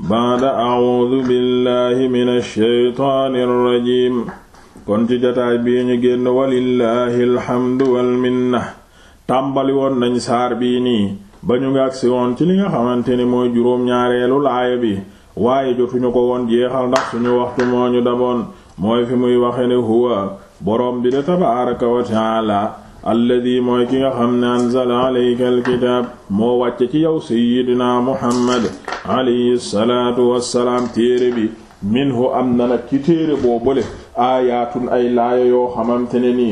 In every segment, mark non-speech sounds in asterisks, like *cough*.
baada awudu billahi min alsheytaani alrajim kon ci jataay bii ñu génn walillahi alhamdu walminna tàmbali woon nañ saar bii nii ba ñu ngi agsi woon ci li nga xamante ni mooy juróom-ñaareelu laaya bi waaye jotuñu ko woon jeexal ndax suñu waxtu moo ñu daboon mooy fi muy waxe ne huwa boroom bi de tabaaraka wa taala alladi mooy ki nga xam ne anzala alayka alkitaab moo wàcce ci yow sayyidina muhammad alayhi salaatu wassalaam téere bi minhu am na nag ci téere boobule aayaatun ay laaya yoo xamante ne ni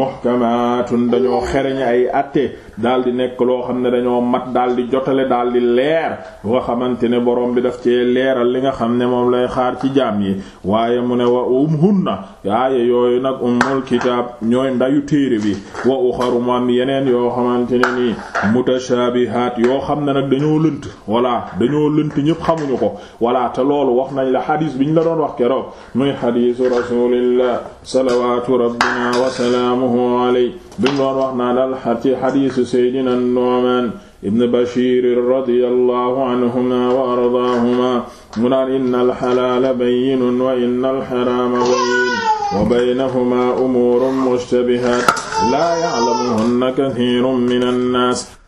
muhkamaatun dañoo xereñ ay atte daal di nekk loo xam ne dañoo mat daal di jotale daal di leer nga xamante ne borom bi daf cee leeral li nga xam ne moom lay xaar ci jaam yi waaye mu ne wa um na yaaye yooyu nag ummul kitaab ñooy ndayu téere bi wa mu am yeneen yoo xamante ne nii mutashaabihaat yoo xam ne nag dañoo lënt walla dañoo lënt ñépp xamuñu ko walla te loolu wax nañ la xadiis bi ñu la doon wax keroog muy xadiisu rasulillah salawaatu rabbina wa salaamuhu alayhi ñu doon wax naa dal ci xadiis seydina Nu'man ibn Bashir radiyallahu anhuma wa ardaahuma mu naan inna alxalaala bayyinun wa inna alxaraama bayyin wa baynahuma umuurun mushtabihaat laa ya'lamuhunna kathiirun mina nnaas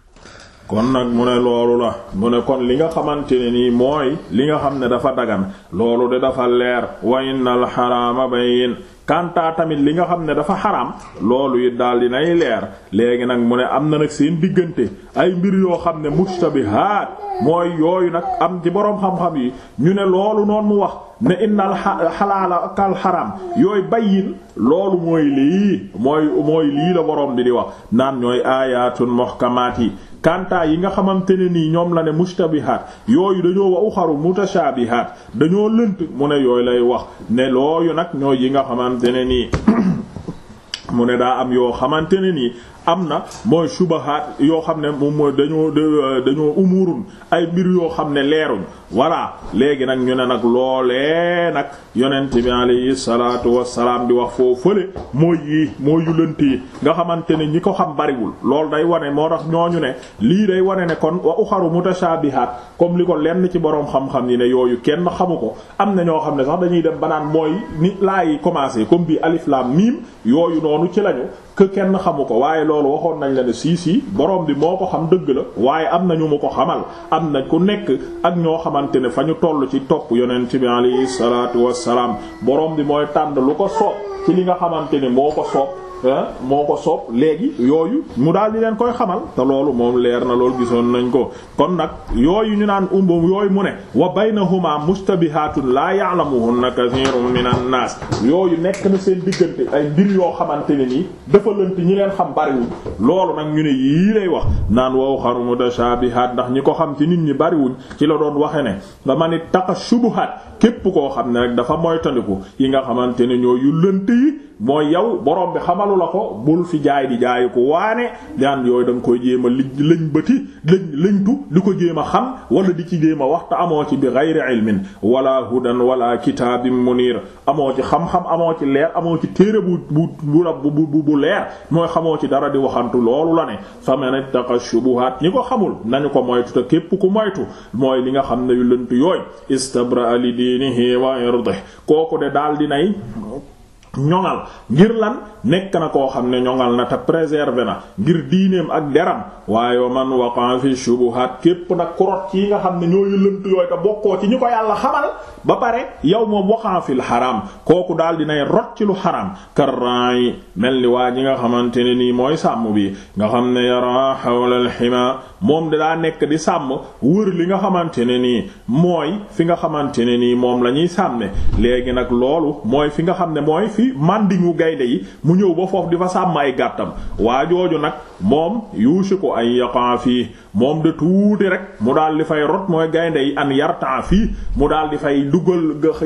kon nag mu ne loolu la mu ne kon li nga xamante ne nii mooy li nga xam ne dafa dagan loolu de dafa leer wa innal xaraama bayin kantaa tamit li nga xam ne dafa xaraam loolu it daal nay leer léegi nag mu ne am na nag seen diggante ay mbir yoo xam ne bi mustabihaat mooy yooyu nag am ci boroom xam-xam yi ñu ne loolu noon mu wax ne innal xalaala xaram yooyu bayyin loolu mooy lii mooy mooy lii la boroom bi di wax naan ñooy aayatun muhkamaat yi kantaa yi nga xamante ne nii ñoom la ne mushtabihaat yooyu dañoo wa uxaru mutashaabihaat dañoo lënt mu ne yooyu lay wax ne looyu nag ñooy yi nga xamante ne nii *coughs* mu ne daa am yoo xamante ne nii am na mooy subahaat yoo xam ne moom mooy dañoo dañoo umurun ay mbir yoo xam ne leeruñ voilà léegi nag ñu ne nag loolee nag yonent bi alayhi salaatu wassalaam di wax foofu fële mooy yii mooy yulante yi nga xamante ne ñi ko xam bariwul lool day wane moo tax ñooñu ne lii day wane ne kon wa uxaru mutashabihaat comme li ko lenn ci boroom xam-xam yi ne yooyu kenn xamu ko am na ñoo xam ne sax dañuy dem banaan mooy ni laa yi commencé comme bii alif lam yooyu noonu ci lañu que kenn xamu ko waaye loolu waxoon nañ la ne sii sii borom bi moo ko xam dëgg la waaye am na ñu mu ko xamal am na ku nekk ak ñoo xamante ne fa ñu toll ci topp yonent bi alayhi salaatu wassalaam borom bi mooy tànd lu ko soob ci li nga xamante ne moo ko soob moo ko soob léegi yooyu mu daal di leen koy xamal te loolu moom leer na loolu gisoon nañ ko kon nag yooyu ñu naan umbam yooyu mu ne wa laa baynahuma mustabihatun la ya'lamuhunna ni naan naas yooyu nekk na seen diggante ay mbir yoo xamante ne nii dafa lënt ñi leen xam bariwul loolu nag ñu ne yii lay wax naan wow xaru mutashabihat ndax ñi ko xam ci nit ñi bariwuñ ci la doon waxe ne ma man ittaqa shubuhat képp koo xam ne rek dafa moytandiku yi nga xamante ne ñoo yu lënt yi mooy yow boroom bi xamalu la ko bul fi jaay di jaayi ko waane daan yooyu da nga koy jéem a li lëñ bëti lëñ lëñtu di ko jéem a xam wala di ci jéem a waxta amoo ci bi ghayri ilmin wala hudan wala kitaabim munir amoo ci xam-xam amoo ci leer amoo ci téere bu bu bu bu leer mooy xamoo ci dara di waxantu loolu la ne fa man ittaqa shubuhat ñi ko xamul nañu ko moytu te képp ku moytu mooy li nga xam ne diinihi wa irdihi kooku de daal dinay ñoŋal ngir lan nekk na koo xam ne ñoŋal na te préserver na ngir diineem ak deram waaye man waqan fi shubuhat képp nag kurot ci yi nga xam ne ñooyu lënt yooyu te bokkoo ci ñu ko yàlla xamal ba pare yow moom waqan fil xaram kooku daal dinay rot ci lu xaraam yi mel ni waa ji nga xamante ne nii mooy sàmm bi nga xam ne yara hawla al hima moom daa nekk di sàmm wër li nga xamante ne nii mooy fi nga xamante ne nii moom la ñuy sàmme léegi nag loolu fi mandingu gaynde yi mu ñëw ba foof di fa sàmm ay gàttam waa jooju nag moom yushiku ay yaqa fii moom de tuuti rek mu daal di fay rot mooy gaynde yi an yarta fii mu daal di fay duggal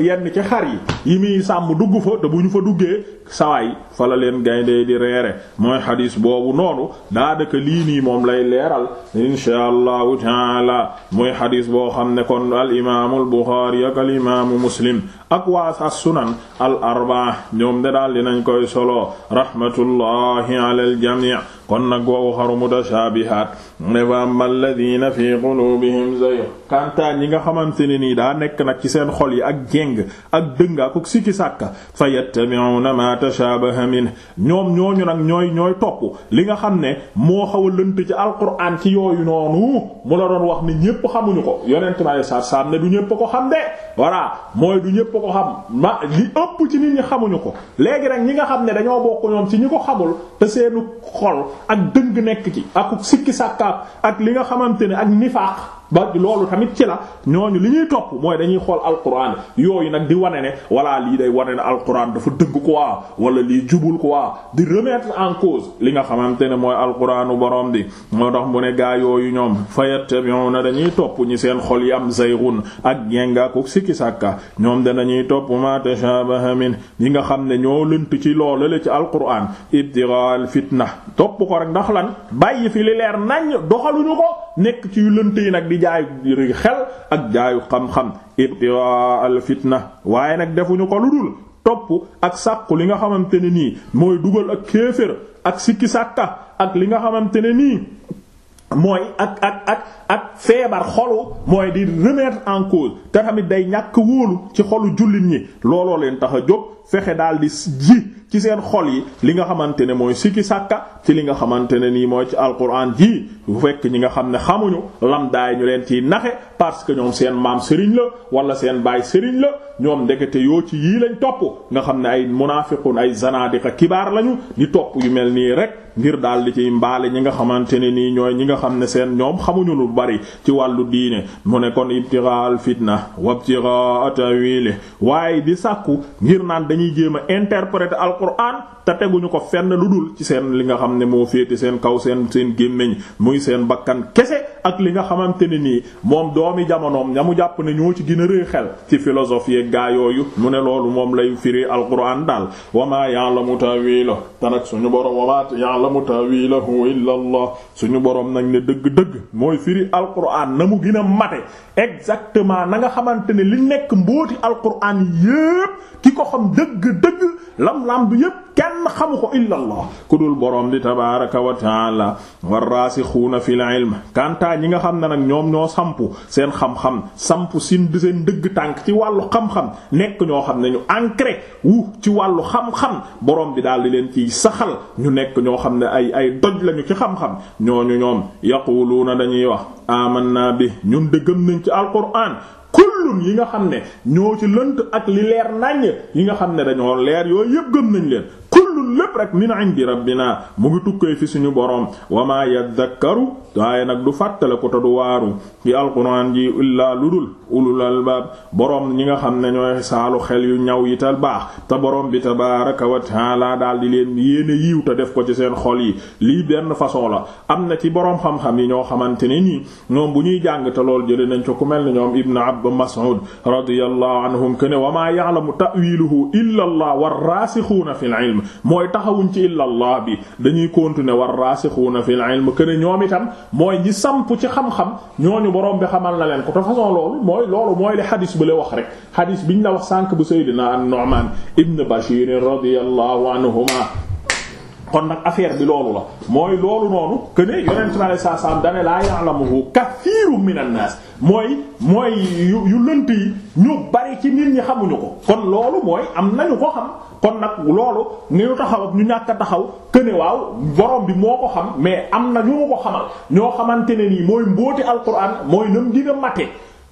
yenn ci xar yi yi muy sàmm dugg fa te bu ñu fa duggee sawaay fa la leen gaynde di reere mooy xadiis boobu noonu daanaka lii nii moom lay leeral insha allahu taala mooy xadiis boo xam ne kon al imaamu al buxaari ak al imaamu muslim ak waa as sunan al arbaa ñoom de daal dinañ koy solo rahmatullahi ala al jamii kon nag wa uxaru mutashaabihaat ne fa amma alladina fi quluubihim zayg kantaa ñi nga xamante ne nii daa nekk nag ci seen xol yi ak jéng ak dëngaa ko sikki sàkka fa yattabi'una ma tashabaha min ñoom ñooñu nag ñooy ñooy topp li nga xam ne moo xaw a lënt ci alquran ci yooyu noonu mu la doon wax ne ñépp xamuñu ko yonent ma sa saam ne du ñépp ko xam de voilà mooy du ñépp ko xam ma li ëpp ci nit ñi xamuñu ko léegi nag ñi nga xam ne dañoo bokk ñoom ci ñi ko xamul te seenu xol ak dëng nekk ci ak sikki sàkkaat ak li nga xamante ne ak nifaax ba loolu tamit ci la ñooñu li ñuy topp mooy dañuy xool alquran yooyu nag di wane ne walla lii day wane ne alquran dafa dëgg quoi wala lii jubul ko quoi di remettre en cause li nga xamante ne mooy alquranu borom bi moo tax mu ne gaa yooyu ñoom fayattabi'una dañuy topp ñi seen xol yam zayrun ak genga ko sikki sàkka ñoom danañuy topp ma tashabaha min ñi nga xam ne ñoo lënt ci loolu la ci alquran ibtighal fitna topp ko rek ndax lan bàyyi fi li leer nañ doxaluñu ko nekk ci yu lënt yi nag di jaayu xel ak jaayu xam-xam ibtiwa al na waaye nag defuñu ko lu dul topp ak sàkku li nga xamante ne nii mooy dugal ak kéefër ak sikki sàkka ak li nga xamante ne nii mooy ak ak ak ak feebar xolu mooy di remettre en cause te tamit day ñàkk wóolu ci xolu jullit ñi looloo leen tax a jóg fexe daal di ji ci seen xol yi li nga xamante ne mooy sikki sàkka ci li nga xamante ne nii mooy ci alquran ji bu fekk ñi nga xam ne xamuñu lam daay ñu leen ciy naxe parce que ñoom seen maam sëriñ la wala seen baay sëriñ la ñoom ndekete yoo ci yii lañ topp nga xam ne ay munaafiqun ay zanadiqa kibaar lañu di topp yu mel nii rek ngir daal di ciy mbaale ñi nga xamante ne nii ñooy ñi nga xam ne seen ñoom xamuñu lu bari ci wàllu diine mu ne kon ibtigha al fitna wa ibtigha dañuy jéem a interpréter Alquran te teguñu ko fenn lu dul ci seen li nga xam ne moo féete seen kaw seen seen gémmiñ muy seen bakkan kese ak li nga xamante ne nii moom doomi jamonoom ña mu jàpp ne ñoo ci gën a xel ci philosophie gaa yooyu mu ne loolu moom lay firi alquran daal wamaa ya'lamu ta'wilahu te nag suñu boroom wamaa ya'lamu ta'wilahu illa Allah suñu boroom nañ ne dëgg-dëgg mooy firi alquran na mu gën a mate exactement na nga xamante ne li nekk mbooti alquran yépp ki ko xam dëgg-dëgg lam-lam du xamu ko illa allah ku dul borom di tabaraka wa taala warraasixuuna fil ilm kanta ñi nga xam ne nag ñoom ñoo sampu seen xam-xam sampu sin di seen dëgg tànk ci wàllu xam-xam nekk ñoo xam ne ñu ancré wu ci wàllu xam-xam borom bi daal di leen ciy saxal ñu nekk ñoo xam ne ay ay doj lañu ci xam-xam ñooñu ñoom yaquluuna dañuy wax amanna bi ñun dëggam nañ ci alquran kullun yi nga xam ne ñoo ci lënt ak li leer naññ yi nga xam ne dañoo leer yooyu yëpp gëm nañ leen loolu lépp rek min indi rabbina mu ngi tukkee fi suñu boroom wa ma yadhakkaru waaye nag du fàttale ko te du waaru fi alquran ji illaa dul ulul albaab boroom ñi nga xam ne ñooy saalu xel yu ñaw yi tal baax te boroom bi tabaaraka wa taala daal di leen yéene yiw te def ko ci seen xol yi lii benn façon la am na ci boroom xam-xam yi ñoo xamante ne nii ñoom bu ñuy jàng te lool jëlee nañ ko ku mel ne ñoom Ibn Abd Mas'ud radiyallahu anhum que ne wa maa ya'lamu ta'wiluhu illa Allah war-raasixuuna fil ilm mooy taxawuñ ci illa Allah bi dañuy continuer war-raasixuuna fi ilm que ne ñoom itam mooy ñi samp ci xam-xam ñooñu boroom bi xamal mooy loolu mooy li xadis bu la wax rek xadis biñ la wax sànq bu Seydina an-Nu'man ibn Bashir radiyallahu anhuma kon nag affaire bi loolu la mooy loolu noonu que ne yonent bi alayhi salaam dane laa ya'lamuhu kathiirun minan naas mooy mooy yu yu lënt yi ñu bari ci nit ñi xamuñu ko kon loolu mooy am nañu ko xam kon nag loolu ñu taxaw ak ñu ñàkk taxaw que waaw borom bi moo ko xam mais am na ñu ko xamal ñoo xamante ne nii mooy mbóoti alquran mooy nam gën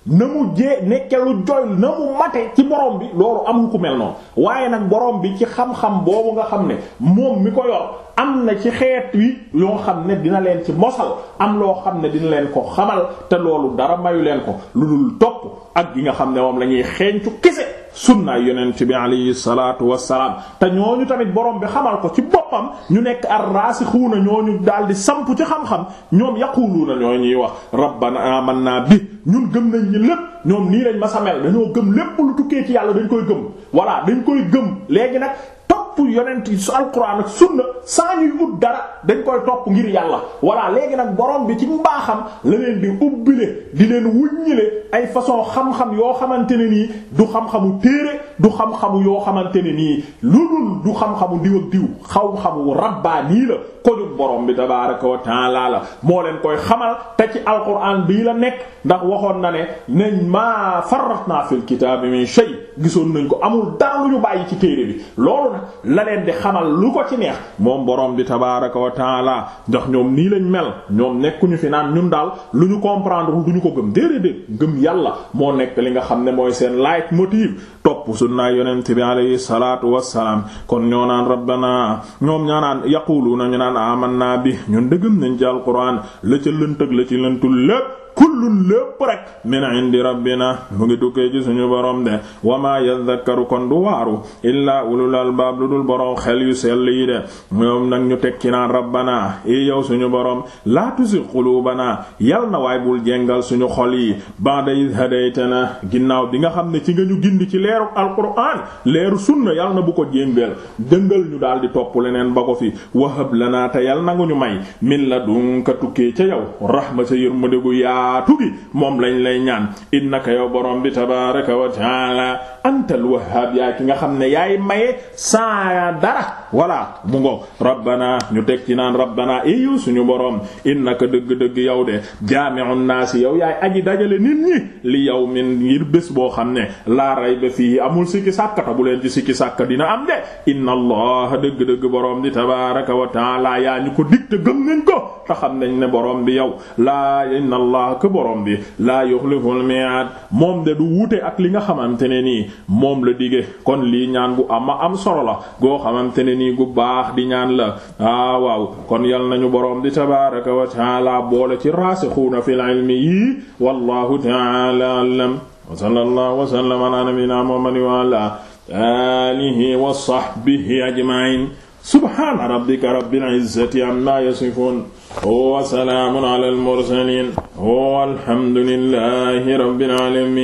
na mu jee nekke lu joy na mu mate ci borom bi loolu am ku mel noonu waaye nag borom bi ci xam-xam boobu nga xam ne moom mi ko yor am na ci xeet wi yoo xam ne dina leen ci mosal am loo xam ne dina leen ko xamal te loolu dara mayu leen ko lu dul topp ak yi nga xam ne moom lañuy ñuy xeeñcu kese sunna yonent bi alayhi salaatu wassalaam te ñu tamit borom bi xamal ko ci boppam ñu nekk ar-raasixuuna ñooñu daal di samp ci xam-xam ñoom yaquluuna ñoo ñuy wax rabbana amanna bi ñun gëm nañ lépp ñoom nii lañ ma sa dañoo gëm lépp lu tukkee ci yàlla dañ koy gëm voilà dañ koy gëm léegi nag pour yonent su alquran ak sunna saa ñuy ut dara dañ koy topp ngir yàlla voilà léegi nag borom bi ci mbaaxam la leen di ubbile di leen wuññile ay façon xam-xam yoo xamante ne nii du xam-xamu du xam yoo xamante ne nii lu dul du xam-xamu diw ak xam-xamu rabbaani la ko jub borom bi tabaaraka wa taala la moo leen koy xamal te ci alquran bii la nekk ndax waxoon na ne nañ maa farratna fil kitaabi min shay gisoon nañ ko amul dara lu ñu bàyyi ci téere bi loolu nag la leen di xamal lu ko ci neex moom borom bi tabaaraka wa taala ndax ñoom nii lañ mel ñoom nekkuñu fi naan ñun daal lu ñu comprendre du ko gëm déedéet gëm yàlla moo nekk li nga xam ne mooy seen leitmotiv topp sunna yonent bi alayhi salaatu wassalaam kon ñoo naan rabbana ñoom ñoo naan yaquluuna ñu naan amanna bi ñun dëggam nañ ci alquran la ca lëntëg la ci lëntul lépp kullun lépp rek min indi na mu ngi tukkee ci suñu borom de wa ma yadhakkaru kon du waaru dul borom xel yu sell yi de ñu tekki naan rabbana i yow suñu na waay bul jengal suñu xol yi ba'da iz hadaytana ginnaaw bi nga xam ne ci nga ci leeru alquran leeru sunna yal na bu ko jéngal dëngal ñu daal di topp leneen ba ko fi wahab lana te yal nangu ñu may min ladunka tukkee ca yow rahma ca yërmande gu yaatu gi moom lañ lay ñaan innaka yow borom bi tabaaraka wa ta'ala antal wahhab yaa ki nga xam ne yaay maye sa maanaa dara voilà mu ngo rabbana ñu teg ci naan rabbana iyu e suñu boroom innaka dëgg-dëgg yow de jaami'un naasi yow yaay aji dajale nit ñi li yawmin ngir bés boo xam ne laa rayba fii amul sikki sàkkata bu leen ci sikki sàkka dina am de inna allah dëgg-dëgg boroom di tabaraka wa taala yaa ñu ko dig te gëm nañ ko te xam nañ ne boroom bi yow laa inna allah ka boroom bi laa yuxliful mi'ad moom de du wute ak li nga xamante ne nii moom la dige kon lii ñaan ama am solo la goo xamante ne nii gu baax di ñaan la ah waaw kon yal nañu boroom di tabaaraka wa taala boole ci raasixuuna fil ilmi yi wallahu taala alam wa sallallahu wa sallama ala nabiyyina muhammadin wa ala alihi wa sahbihi ajma'in subhana rabbika rabbil izzati amma yasifun wa salaamun ala al mursalin wa alhamdulillahi rabbil alamin